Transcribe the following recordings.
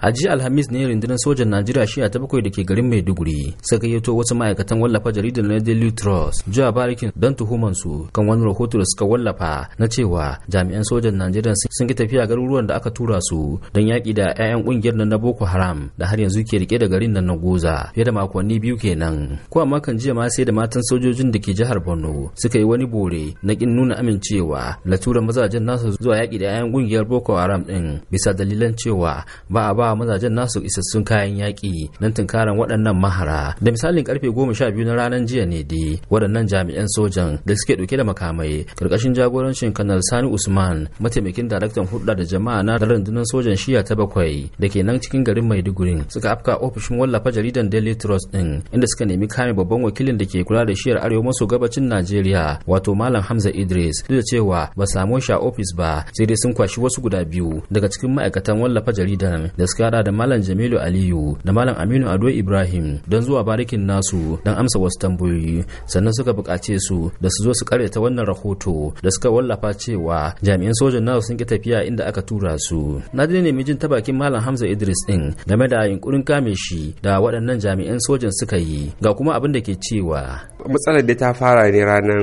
a jiya alhamis ne rundunar sojan najeriya shiya ta bakwai da ke garin maiduguri suka yato wasu ma'aikatan wallafa jaridar na daily trust jiya barikin don tuhuman su kan wani rahoto da suka wallafa na cewa jami'an sojan najeriya sun ki tafiya garuruwan da aka tura su don yaƙi da 'ya'yan ƙungiyar nan na boko haram da har yanzu ke rike da garin nan na goza fiye da makonni biyu kenan ko amma kan jiya ma sai da matan sojojin da ke jihar borno suka yi wani bore na kin nuna amincewa da tura mazajen nasu zuwa yaƙi da 'ya'yan ƙungiyar boko haram ɗin bisa dalilan cewa ba a ba wa mazajen nasu isassun kayan yaƙi don tunkaran waɗannan mahara da misalin karfe goma sha biyu na ranar jiya ne dai waɗannan jami'an sojan da suke ɗauke da makamai ƙarƙashin jagorancin kanar sani usman mataimakin daraktan hulɗa da jama'a na rundunar sojan shiya ta bakwai da ke nan cikin garin maiduguri suka afka ofishin wallafa jaridan daily trust ɗin inda suka nemi kame babban wakilin da ke kula da shiyar arewa maso gabacin najeriya wato malam hamza idris duk da cewa ba samu shi a ofis ba sai dai sun kwashi wasu guda biyu daga cikin ma'aikatan wallafa jaridan da suka suka hada da malam jamilu aliyu da malam aminu ado ibrahim don zuwa barikin nasu don amsa wasu tambayoyi sannan suka buƙace su da su zo su karyata wannan rahoto da suka wallafa cewa jami'an sojan nasu sun ki tafiya inda aka tura su na dai nemi jin ta bakin malam hamza idris din game da yunkurin kame shi da waɗannan jami'an sojan suka yi ga kuma abin da ke cewa matsalar da ta fara ne ranar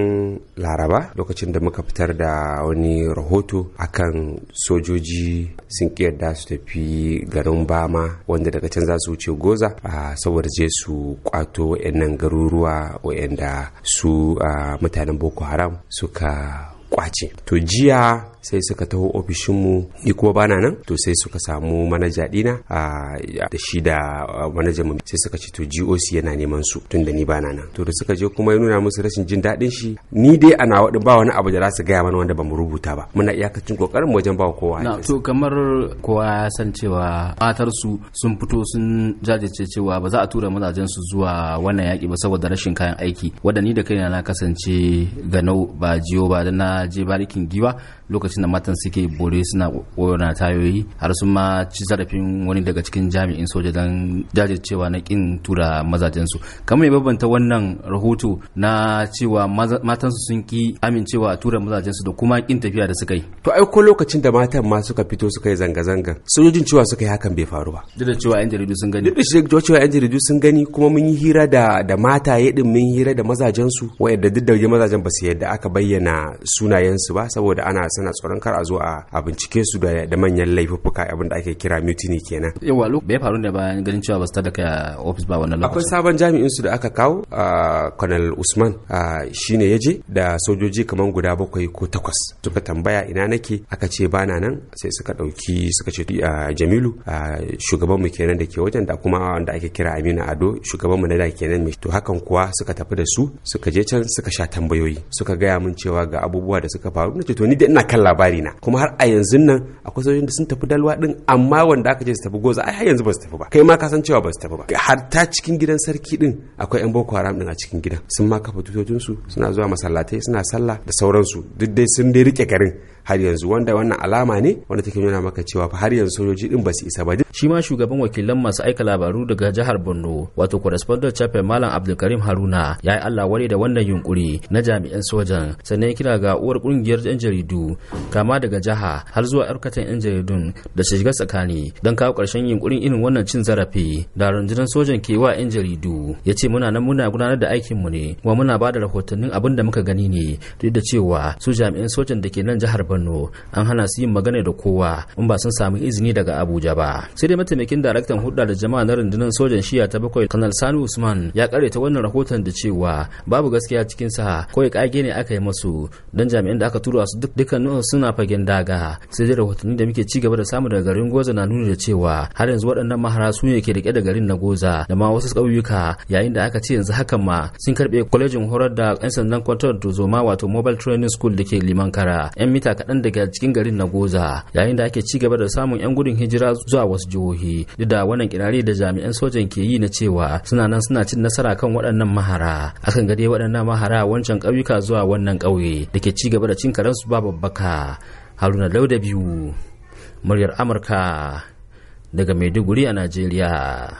laraba lokacin da muka fitar da wani rahoto akan sojoji sun ƙi yarda su tafi gari. garin bama wanda daga can za su wuce goza a saboda je su kwato wayannan garuruwa wayanda su mutanen boko haram suka kwace to jiya sai suka taho ofishinmu ni kuma bana nan to sai suka samu manaja dina da shi da manajan mu sai suka ce to GOC yana neman su tunda ni bana nan to da suka je kuma ya nuna musu rashin jin daɗin shi ni dai ana wadin ba wani abu da za su gaya mana wanda bamu rubuta ba muna iyakacin kokarin wajen ba kowa na to kamar kowa ya san cewa matar su sun fito sun jajirce cewa ba za a tura mazajen su zuwa wannan yaki ba saboda rashin kayan aiki wanda ni da kaina na kasance nau ba jiyo ba da na je barikin giwa lokacin lokacin da matan suke bore suna koyona tayoyi har sun ma ci zarafin wani daga cikin jami'in soja don jajircewa na ƙin tura mazajensu kamar ya babanta wannan rahoto na cewa matan su sun ki amincewa a tura mazajensu da kuma ƙin tafiya da suka yi to ai ko lokacin da matan ma suka fito suka yi zanga-zanga sojojin cewa suka yi hakan bai faru ba duk da cewa yan jaridu sun gani duk da cewa yan jaridu sun gani kuma mun yi hira da da mataye din mun hira da mazajensu wa'anda duk da mazajen ba su yadda aka bayyana sunayensu ba saboda ana sana tsoron kar a zo a bincike su da manyan laifuffuka abin da ake kira mutiny kenan yawa walo bai faru ne bayan ganin cewa ba su tada kai office ba wannan lokacin akwai sabon jami'in su da aka kawo a Colonel Usman shine yaje da sojoji kaman guda bakwai ko takwas suka tambaya ina nake aka ce bana nan sai suka dauki suka ce Jamilu shugaban mu kenan da ke wajen da kuma wanda ake kira Aminu Ado shugaban mu na da kenan mai to hakan kuwa suka tafi da su suka je can suka sha tambayoyi suka gaya mun cewa ga abubuwa da suka faru na to ni da ina kallon labari na kuma har a yanzu nan akwai sojojin da sun tafi dalwa din amma wanda aka ce su tafi goza ai har yanzu ba su tafi ba kai ma ka san cewa ba su tafi ba har ta cikin gidan sarki din akwai yan boko haram din a cikin gidan sun ma kafa su suna zuwa masallatai suna sallah da sauransu duk dai sun dai rike garin har yanzu wanda wannan alama ne wanda take nuna maka cewa har yanzu sojoji din ba su isa ba shi ma shugaban wakilan masu aika labaru daga jihar Borno wato correspondent Chape Malam Abdulkarim Haruna ya yi Allah wani da wannan yunkuri na jami'an sojan sannan ya kira ga uwar kungiyar yan jaridu kama daga jiha har zuwa yarkatan yan jaridun da su shiga tsakani don kawo ƙarshen yunkurin irin wannan cin zarafi da rundunar sojan ke wa yan jaridu ya ce muna nan muna gudanar da aikin mu ne kuma muna ba da rahotannin abin da muka gani ne duk da cewa su jami'an sojan da ke nan jihar Borno borno an hana su yin magana da kowa in ba sun samu izini daga abuja ba sai dai mataimakin daraktan hulɗa da jama'a na rundunar sojan shiya ta bakwai kanal sani usman ya karyata wannan rahoton da cewa babu gaskiya cikin sa kawai kage ne aka yi masu don jami'an da aka tura su duk dukkanin suna fagen daga sai dai rahotanni da muke ci gaba da samu daga garin goza na nuni da cewa har yanzu waɗannan mahara su ne ke rike da garin na goza da ma wasu ƙauyuka yayin da aka ce yanzu hakan ma sun karɓe kwalejin horar da 'yan sandan kwantar zoma wato mobile training school da ke liman kara 'yan mita kaɗan daga cikin garin na goza yayin da ake ci gaba da samun 'yan gudun hijira zuwa wasu jihohi duk da wannan kirari da jami'an sojan ke yi na cewa suna nan suna cin nasara kan waɗannan mahara akan gade waɗannan mahara wancan ƙauyuka zuwa wannan ƙauye da ke ci gaba da cin karansu ba babbaka haruna lauda biyu muryar amurka daga maiduguri a najeriya